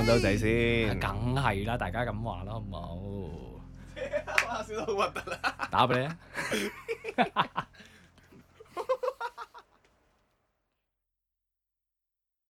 廣到仔先，梗係啦，大家咁話啦，好唔好？笑得好核突啦， 打俾你啊！